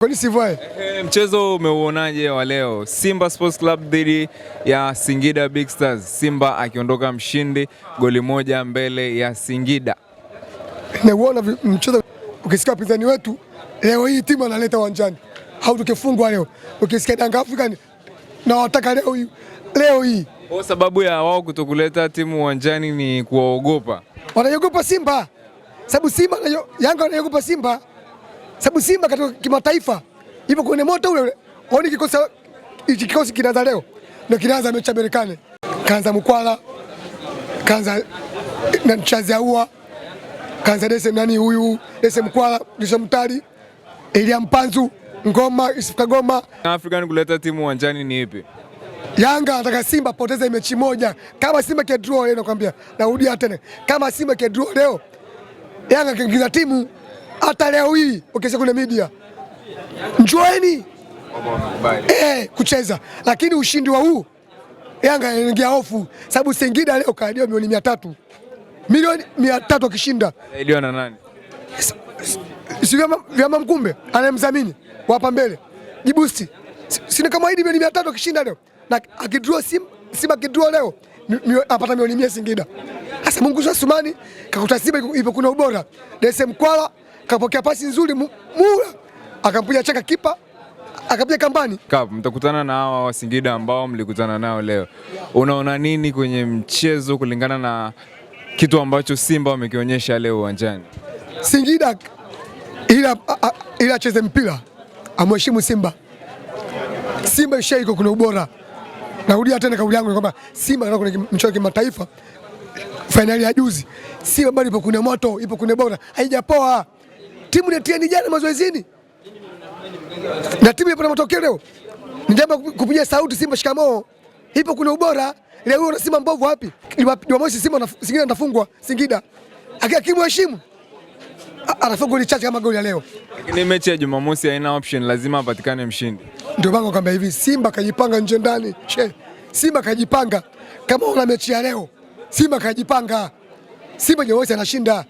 Kwani si vile? Eh, mchezo umeuonaje wa leo? Simba Sports Club dhidi ya Singida Big Stars. Simba akiondoka mshindi goli moja mbele ya Singida. Nauona mchezo ukisikia wapinzani wetu leo hii timu analeta uwanjani. Au tukifungwa leo. Ukisikia Yanga African na wataka leo hii. Leo hii. Kwa sababu ya wao kutokuleta timu uwanjani ni kuwaogopa. Wanaogopa Simba. Sababu Simba Yanga wanaogopa Simba sababu Simba katika kimataifa ipo kwenye moto ule. ule. Waoni kikosi hichi kikosi kinaanza leo na kinaanza mechi Amerikani, kaanza Mkwala, kaanza eh, na Chazaua, kaanza Dese nani huyu Dese Mkwala, Dese Mtari, ili Mpanzu, Ngoma, Yusuf Kagoma. African kuleta timu uwanjani ni ipi? Yanga anataka Simba poteza mechi moja. Kama Simba kia draw leo, nakwambia narudia tena, kama Simba kia draw leo Yanga kiingiza timu hata leo hii ukisikia kwenye media njoeni eh, kucheza, lakini ushindi wa huu Yanga inaingia hofu, sababu Singida leo kaidiwa milioni mia tatu milioni mia tatu akishinda na nani? Si vyama mkumbe anayemdhamini wapa mbele jibusti sini kama hidi milioni mia tatu akishinda leo na akidroa sim Simba akidroa leo apata milioni mia Singida. Sasa Mungu Sumani kakuta Simba ipo kuna ubora desem kwala kapokea pasi nzuri mu, mura akampiga chaka kipa akapiga kambani. Kap, mtakutana na hawa wa Singida ambao mlikutana nao leo, unaona nini kwenye mchezo kulingana na kitu ambacho Simba wamekionyesha leo uwanjani? Singida ila ila acheze mpira amheshimu Simba. Simba ishaiko kuna ubora. Narudia tena kauli yangu kwamba Simba ndio kuna mchezo wa kimataifa, fainali ya juzi Simba bado ipo kuna moto, ipo kuna bora, haijapoa timu natiani jana mazoezini na timu ipo na matokeo leo. Ni jambo kupigia sauti Simba shikamoo, ipo kuna ubora leo. Una Simba mbovu wapi? Jumamosi Simba na Singida ndafungwa Singida, akia kimu heshimu ah, anafungwa goli chache kama goli ya leo. Lakini mechi ya Jumamosi haina option, lazima apatikane mshindi. Ndio bango kwamba hivi Simba kajipanga nje ndani, che Simba kajipanga. Kama una mechi ya leo, Simba kajipanga, Simba Jumamosi anashinda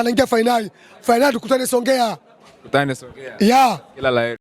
anaingia fainali. Fainali tukutane Songea, tukutane Songea. Yeah. Kila la heri.